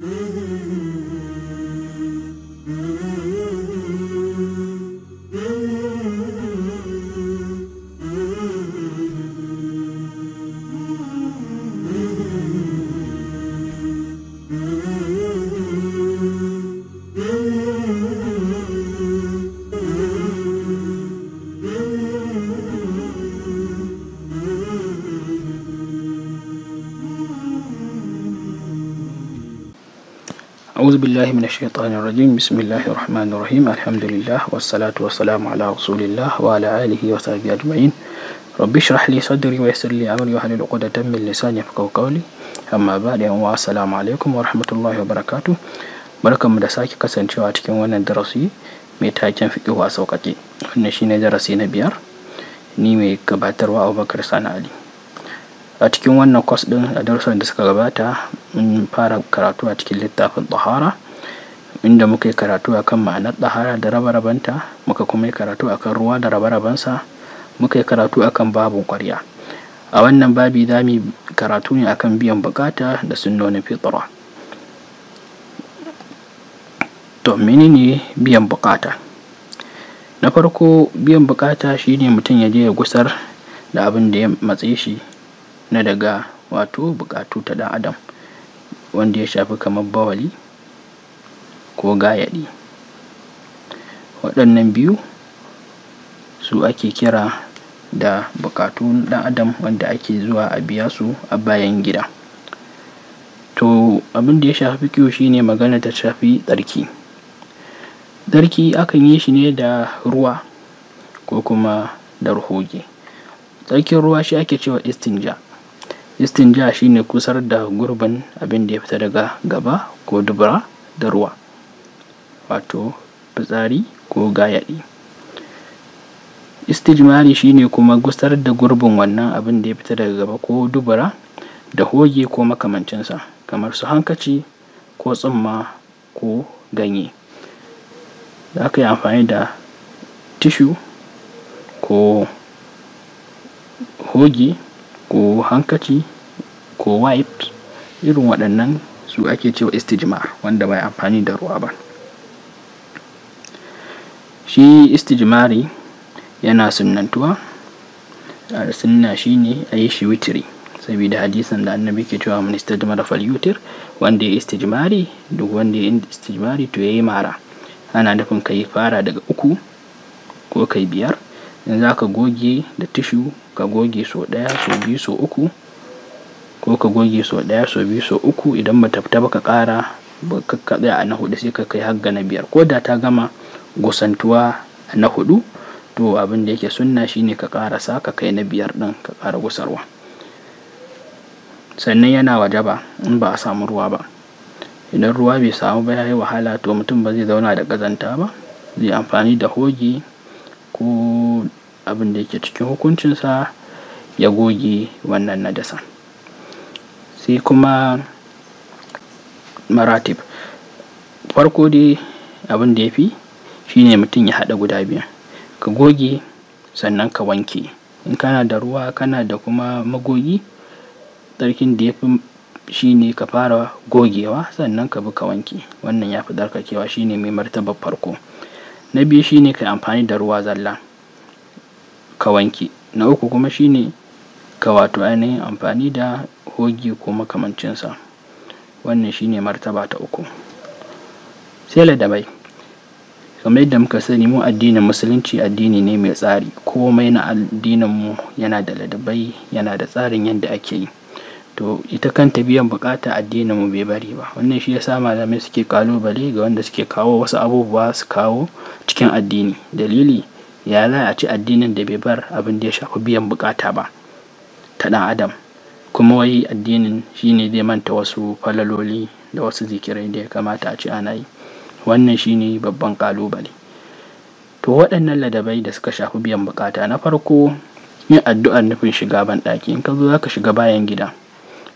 Mm-hmm. بالله من الشيطان الرجيم بسم الله الرحمن الرحيم الحمد لله والصلاة والسلام على رسول الله وعلى آله وصحبه أجمعين رب اشرح لي صدري ويسر لي أمري واحلل عقدة من لساني يفقهوا قولي أما بعد عليكم ورحمة الله وبركاته barkan mu da sake kasancewa cikin wannan darasi mai taken fiƙiwa a sauƙaƙe wannan shine darasi na biyar ni mai gabatarwa abubakar sani ali a cikin wannan kwas din a darussan da suka gabata mun fara karatu a cikin littafin tsohara inda muka yi karatu akan ma'anar ɗahara da raba-rabanta muka kuma yi karatu akan ruwa da raba-rabansa muka yi karatu akan babin ƙwarya a wannan babi za mu karatu ne akan biyan bukata da sunnonin fitra to ne biyan bukata na farko biyan bukata shine mutum ya je ya gusar da abin da ya matse shi na daga wato bukatu ta dan adam wanda ya shafi kamar bawali ko gayaɗi waɗannan biyu su ake kira da na ɗan adam wanda ake zuwa a biya su a bayan gida to abin da ya shafi fikiyo shine magana ta shafi tsarki tsarki akan yi shi ne da ruwa ko kuma da ruhoge tsarkin ruwa shi ake cewa istinja istinja shine kusar da gurbin abin da ya fita daga gaba ko dubura da ruwa wato fitsari ko gayaɗi istijmari shine kuma gusar da gurbin wannan abin da ya fita daga gaba ko dubura da hoge ko makamancinsa kamar su hankaci ko tsumma ko ganye za ka yi amfani da tishu ko hoge ko hankaci ko wipes irin waɗannan su ake cewa istijmar wanda bai amfani da ruwa ba shi istijmari yana sunnantuwa a sunna shine a yi shi witiri saboda hadisan da annabi ke cewa minista istijmara fal yutir wanda ya istijmari duk wanda ya istijmari to ya yi mara ana nufin ka yi fara daga uku ko kai biyar in za ka goge da tishu ka goge so ɗaya so biyu so uku ko ka goge so ɗaya so biyu so uku idan ba ta ba ka ƙara ka tsaya a na hudu sai ka kai har na biyar ko da ta gama gusantuwa na hudu to abin da yake sunna shine ka karasa ka kai na biyar din ka kara gusarwa sannan yana wajaba in ba a samu ruwa ba idan ruwa bai samu ba yayi wahala to mutum ba zai zauna da kazanta ba zai amfani da hoge ko abin da yake cikin hukuncinsa ya goge wannan na dasa sai kuma maratib farko dai abin da ya fi shine mutum ya haɗa guda biyu ka goge sannan ka wanke in kana da ruwa kana da kuma magogi tsarkin da ya fi shi ne ka fara gogewa sannan ka bi ka wanke wannan ya fi shi ne mai martabar farko na biyu ne ka amfani da ruwa zalla ka wanke na uku kuma ne ka wato ainihin amfani da hoge ko makamancinsa wannan shi ne martaba ta uku sai ladabai kamar yadda muka sani mu addinin musulunci addini ne mai tsari komai na addinin mu yana da ladabai yana da tsarin yadda ake yi to ita kanta biyan bukata addinin mu bai bari ba wannan shi ya yasa malamai suke kalubale ga wanda suke kawo wasu abubuwa su kawo cikin addini dalili ya za a ci addinin da bai bar abin da ya shafi biyan bukata ba ta dan adam kuma wai addinin shine zai manta wasu falaloli da wasu zikirai da ya kamata a ci ana yi wannan shine babban kalubale to waɗannan ladabai da suka shafi biyan bukata na farko yin addu'ar nufin shiga ban ɗaki in ka zo zaka shiga bayan gida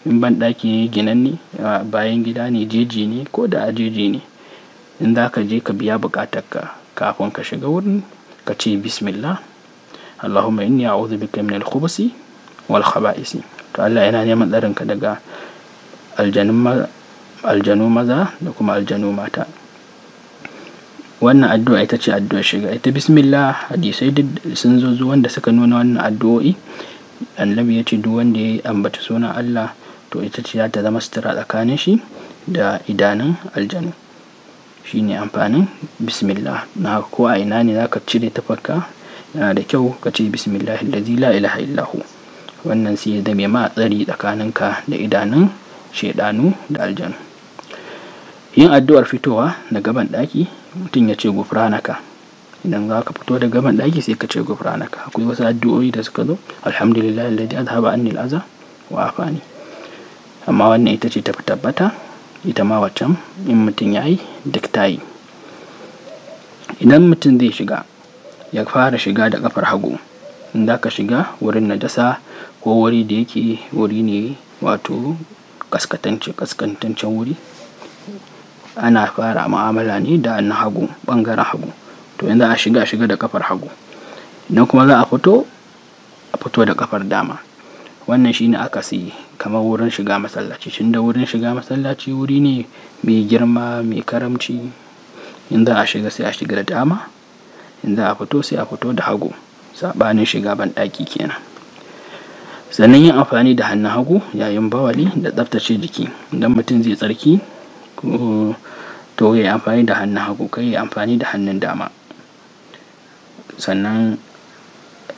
in ban ɗaki ne ne bayan gida ne jeji ne ko da a jeji ne in za ka je ka biya ka kafin ka shiga wurin ka ce bismillah allahumma inni a'udhu bika min al-khubusi wal khaba'isi to Allah yana neman tsarinka daga aljanu maza da kuma aljanu mata wannan addu'a ita ce addu'ar shiga ita bismillah hadisai duk sun zo wanda suka nuna wannan addu'o'i annabi ya ce duk wanda ya ambata sunan Allah to ita ce za ta zama sutura tsakanin shi da idanun aljanu shine amfanin bismillah na ko a ina ne za ka cire tafarka yana da kyau ka ce bismillah allazi la ilaha illahu wannan sai ya zame ma tsari tsakaninka da idanun shaidanu da aljanu yin addu'ar fitowa na gaban ɗaki mutum ya ce gufranaka idan za ka fito daga gaban ɗaki sai ka ce gufranaka akwai wasu addu'o'i da suka zo alhamdulillah alladhi azhaba anni al'aza wa afani amma wannan ita ce ta tabbata ita ma waccan in mutum ya yi duk ta yi idan mutum zai shiga ya fara shiga da kafar hagu in za ka shiga wurin najasa ko wuri da yake wuri ne wato kaskantance wuri ana fara mu'amala ne da na hagu bangaren hagu to yanzu a shiga shiga da kafar hagu idan kuma za a fito a fito da kafar dama wannan shine aka si kamar wurin shiga masallaci tun da wurin shiga masallaci wuri ne mai girma mai karamci in a shiga sai a shiga da dama in za a fito sai a fito da hagu saɓanin shiga ban ɗaki kenan sannan yin amfani da hannun hagu yayin bawali da tsaftace jiki idan mutum zai tsarki to ya yi amfani da hannun hagu kai ya amfani da hannun dama sannan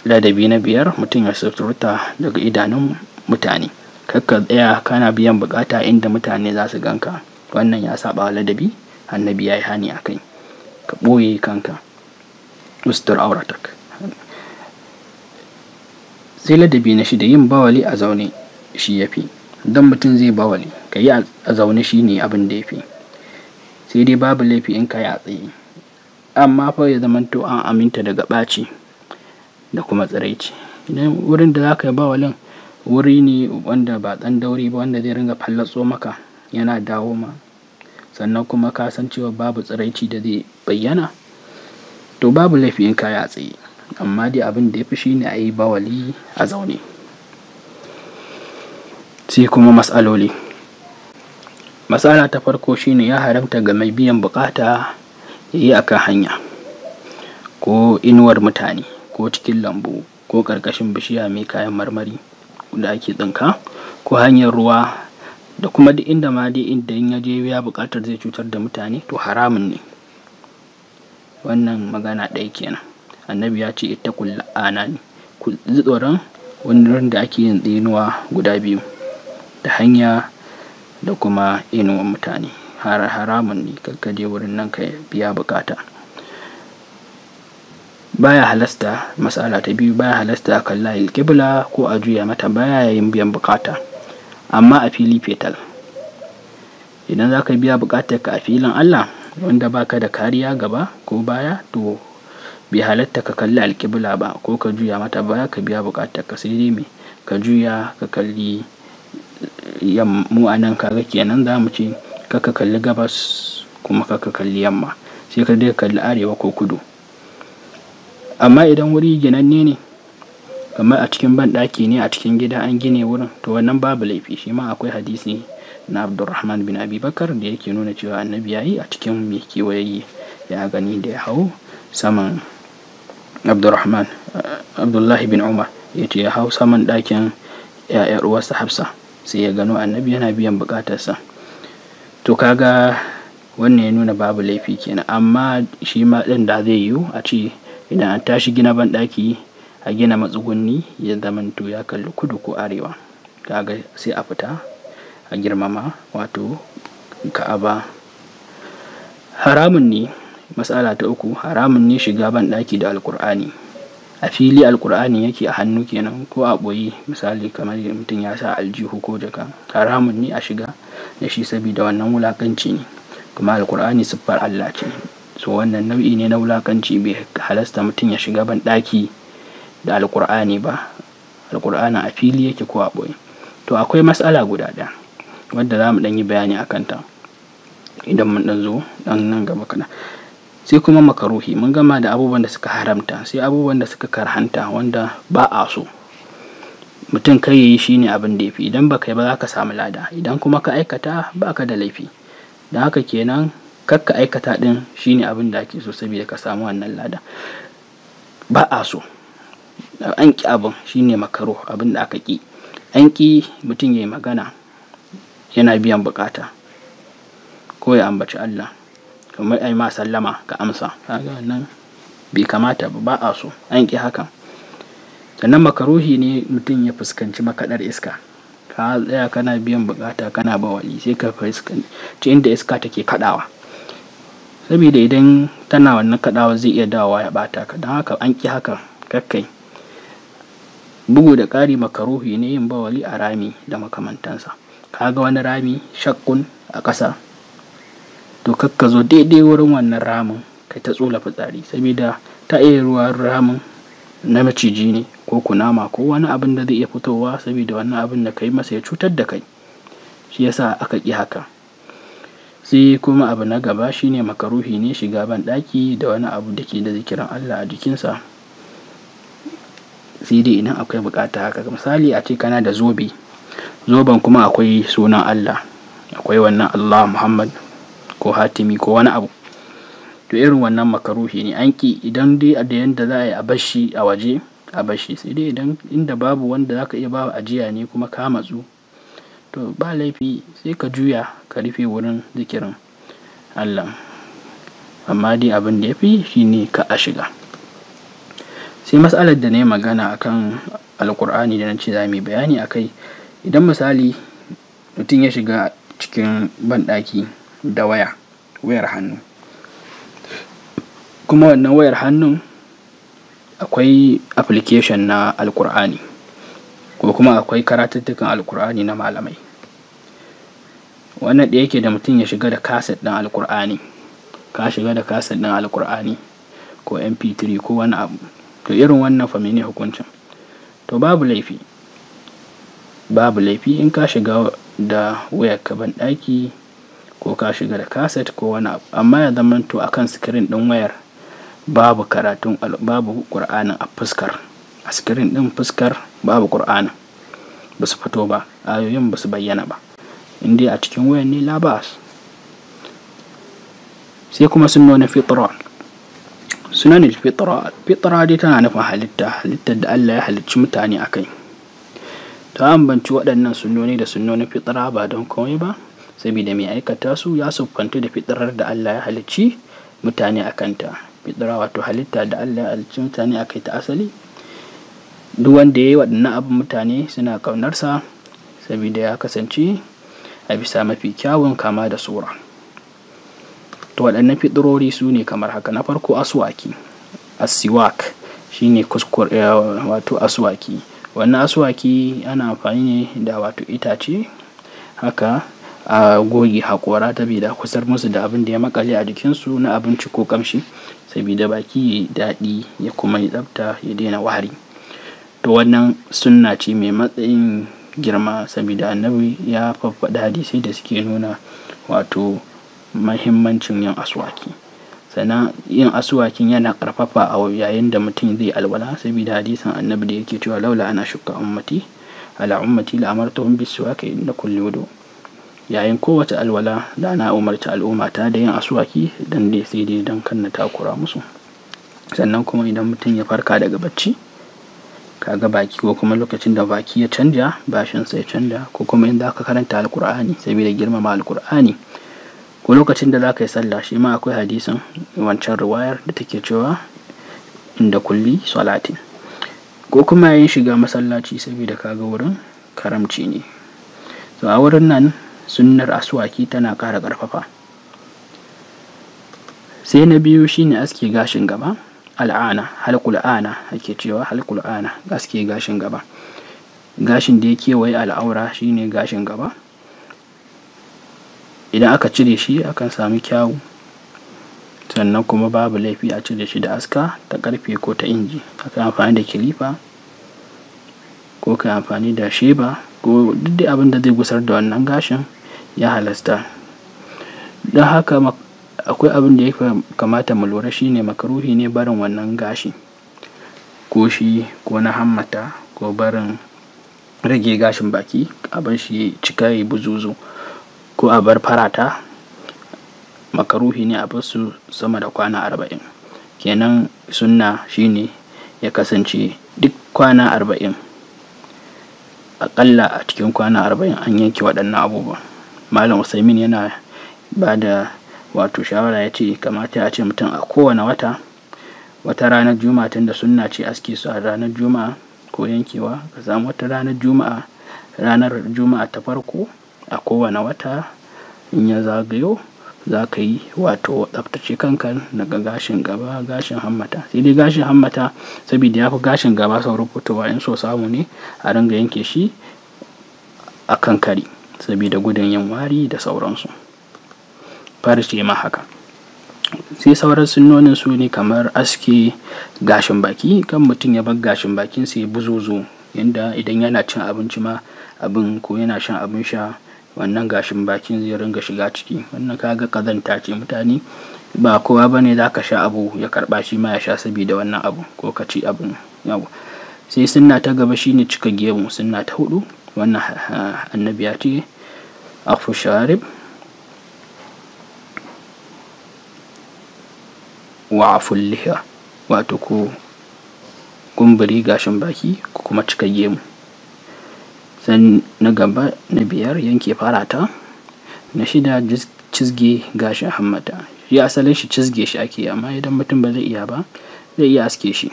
ladabi na biyar mutum ya suturta daga idanun mutane kakka tsaya kana biyan bukata inda mutane za su ganka wannan ya saba ladabi annabi ya yi hani a kai ka ɓoye kanka ustur auratak sai ladabi na shida yin bawali a zaune shi ya fi don mutum zai bawali ka yi a zaune shi ne abin da ya fi sai dai babu laifi in ka yi a tsaye amma fa ya zamanto an aminta daga ɓaci da kuma tsiraici idan wurin da za ka yi ba walin wuri ne wanda ba ɗan dauri ba wanda zai ringa fallatso maka yana dawo ma sannan kuma ka san cewa babu tsiraici da zai bayyana to babu laifi in ka yi a tsaye amma dai abin da ya fi shine a yi bawali a zaune sai kuma matsaloli matsala ta farko shine ya haramta ga mai biyan bukata ya yi kan hanya ko inuwar mutane ko cikin lambu ko ƙarƙashin bishiya mai kayan marmari da ake tsinka ko hanyar ruwa da kuma duk inda ma dai inda in yaje ya bukatar zai cutar da mutane to haramun ne wannan magana ɗaya kenan annabi ya ce ita la'ana ne ku tsoron wani da ake yin tsinuwa guda biyu da hanya da kuma inuwan mutane har haramun ne kakkaje wurin nan ka biya bukata baya halasta matsala ta biyu baya halasta a kan layin kibla ko a juya mata baya yayin biyan bukata amma a fili fetal idan za ka biya bukatar ka a filin allah wanda baka da kariya gaba ko baya to bai halatta ka kalli alkibla ba ko ka juya mata baya ka biya bukatar ka sai dai me ka juya ka kalli mu a nan kaga kenan za mu ce kaka kalli gabas kuma kaka kalli yamma sai ka dai kalli arewa ko kudu amma idan wuri ginanne ne kamar a cikin banɗaki ne a cikin gida an gine wurin to wannan babu laifi shi ma akwai hadisi na abdurrahman bin abubakar da yake nuna cewa annabi yi a cikin mai kewaye ya gani da ya hau saman abdurrahman abdullahi bin umar ya ce ya hau saman ɗakin 'ya'yar uwarsa hafsa sai ya gano annabi yana biyan bukatarsa to kaga wannan ya nuna babu laifi kenan amma shi ma din da zai yiwu a ce idan an tashi gina banɗaki a gina matsugunni ya to ya kalli kudu ko arewa kaga sai a fita a girmama wato ka'aba haramun ne matsala ta uku haramun ne shiga banɗaki da alkur'ani a fili alkur'ani yake a hannu kenan ko a ɓoye misali kamar mutum ya sa aljihu ko jaka haramun ne a shiga da shi saboda wannan wulakanci ne kuma alkur'ani siffar allah ce so wannan nau'i ne na wulakanci bai halasta mutum ya shiga ban ɗaki da alkur'ani ba alkur'ani a fili yake ko a ɓoye to akwai matsala guda ɗaya wadda za mu ɗan yi bayani a kanta idan mun ɗan zo ɗan nan gaba kaɗan sai kuma makaruhi mun gama da abubuwan da suka haramta sai abubuwan da suka karhanta wanda ba a so mutum kai yi shi ne abin da ya fi idan baka yi ba za ka samu lada idan kuma ka aikata ba ka da laifi da haka kenan kakka aikata din shi ne abin da ake so saboda ka samu wannan lada ba a so an ki abin ne makaro abin da aka ki an ki mutum ya yi magana yana biyan bukata ko ya ambaci Allah kamar ai ma sallama ka amsa kaga wannan bai kamata ba a so an ki hakan sannan makaruhi ne mutum ya fuskanci makaɗar iska ka tsaya kana biyan bukata kana bawali sai ka fuskanci inda iska take kaɗawa saboda idan tana wannan kadawa zai iya dawowa ya ɓata ka don haka an ki hakan kakkai bugu da ƙari makaruhi ne yin bawali a rami da makamantansa kaga wani rami shakkun a ƙasa to ka zo daidai wurin wannan ramin kai ta tsola fitsari saboda ta iya ruwa ramin na maciji ne ko kunama ko wani abin da zai iya fitowa saboda wannan abin da kai masa ya cutar da kai shi yasa aka ki haka sai kuma abu na gaba shine makaruhi ne shiga ban daki da wani abu da ke da zikiran Allah a jikinsa sai dai idan akwai bukata haka misali a ce kana da zobe zoben kuma akwai sunan Allah akwai wannan Allah Muhammad ko hatimi ko wani abu to irin wannan makaruhi ne an ki idan dai da yanda za a yi a bashi a waje a bashi sai dai idan inda babu wanda zaka iya bawa ajiya ne kuma ka matsu to ba laifi sai ka juya ka rufe wurin zikirin Allah amma dai abin da ya fi shine ka a shiga sai matsalar da na yi magana akan alkur'ani da na ce za bayani a kai idan misali mutum ya shiga cikin banɗaki da waya wayar hannu kuma wannan wayar hannun akwai application na alkur'ani ko kuma akwai karatattukan alkur'ani na malamai wannan da yake da mutum ya shiga da kaset ɗin alkur'ani ka shiga da kaset ɗin alkur'ani ko mp3 ko wani abu to irin wannan fa ne hukuncin to babu laifi babu laifi in ka shiga da wayar ka ban ɗaki ko ka shiga da kaset ko wani abu amma ya zama a kan sikirin ɗin wayar babu karatun babu ƙur'anin a fuskar a sikirin ɗin fuskar babu ƙur'anin ba su fito ba ayoyin ba su bayyana ba inda a cikin wayan ne labas sai kuma sun nuna fitra suna ne fitra fitra dai tana nufin halitta halittar da allah ya halicci mutane a kai ta ambanci waɗannan sunnoni da sunnonin fitra ba don komai ba saboda mai aikata su ya siffantu da fitarar da Allah ya halicci mutane a kanta fitara wato halitta da Allah ya halicci mutane a kai ta asali duk wanda ya yi waɗannan abin mutane suna ƙaunarsa saboda ya kasance a bisa mafi kyawun kama da sura to waɗannan fitarori su ne kamar haka na farko aswaki asiwak shine kuskur eh, wato aswaki wannan aswaki ana amfani ne da wato itace haka a goge haƙora ta bida kusar musu da abin da ya makale a jikinsu na abinci ko kamshi saboda baki ya daɗi ya kuma yi tsafta ya daina wahari to wannan sunna ce mai matsayin girma saboda annabi ya faffaɗa hadisai da suke nuna wato mahimmancin yin aswaki sannan yin aswakin yana ƙarfafa a yayin da mutum zai alwala saboda hadisan annabi da yake cewa laula ana shuka ummati ala ummati la bis suwaki inda kulli wudu yayin kowace alwala da na umarci ta da yin asuwaki don da sai dai don kanna takura musu sannan kuma idan mutum ya farka daga bacci kaga baki ko kuma lokacin da baki ya canja bashin ya canja ko kuma inda zaka karanta alkur'ani saboda girmama alkur'ani ko lokacin da zaka yi sallah shi ma akwai hadisin wancan riwayar da take cewa inda kulli salati. ko kuma yayin shiga masallaci saboda kaga wurin karamci ne to a wurin nan sunnar aswaki tana ƙara ƙarfafa sai na biyu shine aske gashin gaba al'ana halkul'ana ake cewa halkul'ana aske gashin gaba gashin da ya kewaye al'aura shine gashin gaba idan aka cire shi akan sami kyawu sannan kuma babu laifi a cire shi da aska ta karfe ko ta inji aka amfani da kilifa ko ka amfani da sheba ko duk da abin da zai gusar da wannan gashin ya halasta don haka akwai abin da ya kamata mu lura shine makaruhi ne barin wannan gashi ko shi ko na hammata ko barin rage gashin baki abin shi cika yi buzuzu ko a bar farata makaruhi ne a su sama da kwana arba'in kenan sunna shine ya kasance duk kwana arba'in akalla a cikin kwana arba'in an yanke waɗannan abubuwan malam usaimin yana ba da wato shawara ya ce kamata a ce mutum a kowane wata wata ranar juma'a tunda sunna ce aski su a ranar juma'a ko yankewa ka samu wata ranar juma'a ranar juma'a ta farko a kowane wata in ya zagayo za ka yi wato tsaftace kanka daga gashin gaba gashin hammata sai dai gashin hammata saboda ya fi gashin gaba saurin fitowa in so samu ne a ringa yanke shi a kan kari saboda gudun yin wari da sauransu farce ma haka sai sauran sunnonin su ne kamar aske gashin baki kan mutum ya bar gashin bakin sai buzuzu yanda idan yana cin abinci ma abin ko yana shan abin sha wannan gashin bakin zai ringa shiga ciki wannan kaga kazanta ce mutane ba kowa bane za ka sha abu ya karba shi ma ya sha saboda wannan abu ko ka ci abin yawa sai sunna ta gaba shine cika gemu sunna ta hudu wannan annabi ya ce afu sharib wa afu liha wato ko kumburi gashin baki ko kuma cika gemu sai na gaba na biyar yanke farata, na shida cizge gashin hammata. Shi asalin shi cizge shi ake amma idan mutum ba zai iya ba zai iya aske shi.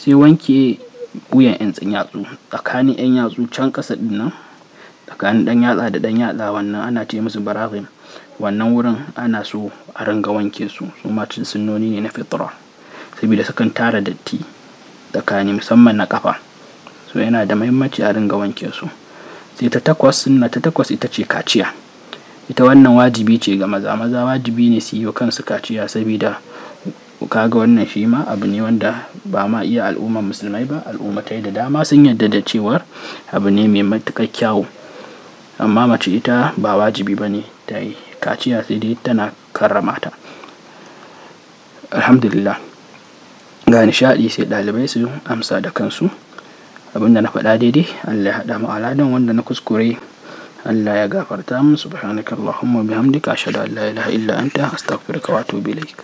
Sai wanke wuyan 'yan yatsu tsakanin 'yan yatsu can kasa ɗinnan tsakanin dan yatsa da dan yatsa wannan ana ce musu baraghin wannan wurin ana so a ringa wanke su su ma sunnoni ne na fitra saboda sukan tara datti tsakani musamman na kafa. so yana da mahimmanci a ringa wanke su sai ta takwas sunna ta takwas ita ce kaciya ita wannan wajibi ce ga maza maza wajibi ne su yi kansu kaciya saboda kaga wannan shi ma abu ne wanda ba ma iya al'ummar musulmai ba al'umma al'ummatai da dama sun yadda da cewar abu ne mai matuƙar kyawu amma mace ita ba wajibi ba ne ta yi kaciya sai dai tana karrama ta alhamdulillah ga nishaɗi sai ɗalibai su amsa da kansu abinda na faɗa daidai Allah ya haɗa mu aladan wanda na kuskure Allah ya gafarta mu subhanaka allahumma bihamdika ashhadu an la ilaha illa anta astaghfiruka wa atubu ilaik